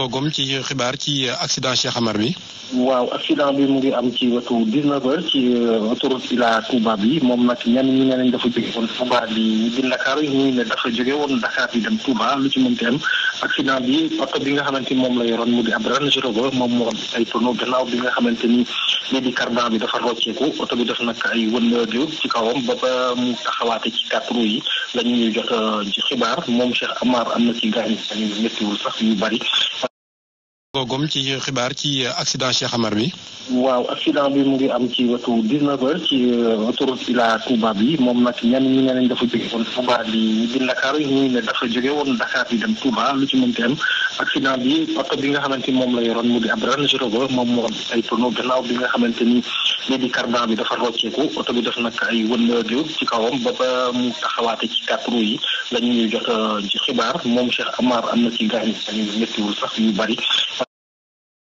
googom ci xibaar ci accident Cheikh Amar bi. waaw accident bi mu ngi am ci wetu 19 heures ci euh, autoroute Ila Touba bi moom nag ñenn ñi ne nañ dafa jóge woon Touba di di dafa jóge woon Dakar di dem Touba lu ci mënti am accident bi oto bi nga xamante ni moom la yoroon mu di ab Range Rover moom moo am ay tonneau bi nga xamante ni lii di bi dafa rocceeku oto bi def nag ay wëndeelu ci kawam ba ba mu taxawaate ci quatre yi la ñuy jot euh, ci xibaar moom Cheikh Amar am na ci gaañ gaañ méttiwul sax yu bari. googom ci xibaar ci euh, accident Cheikh Amar bi. waaw accident bi mu ngi am ci wetu 19 heures ci euh, autoroute Ila Touba bi moom nag ñenn ñi ne nañ dafa jóge woon Touba di di Dakar ñu ne dafa jóge woon Dakar di dem Touba lu ci mënti am accident bi oto bi nga xamante ni moom la yoroon mu di ab Range Rover moom moo am ay tonneau gannaaw bi nga xamante ni lii di carburant bi dafa rocceeku oto bi def nag ay wëndeelu ci kawam ba ba mu taxawaate ci quatre roues yi la ñuy jot euh, ci xibaar moom Cheikh Amar am na ci gaañ yu méttiwul sax yu bari.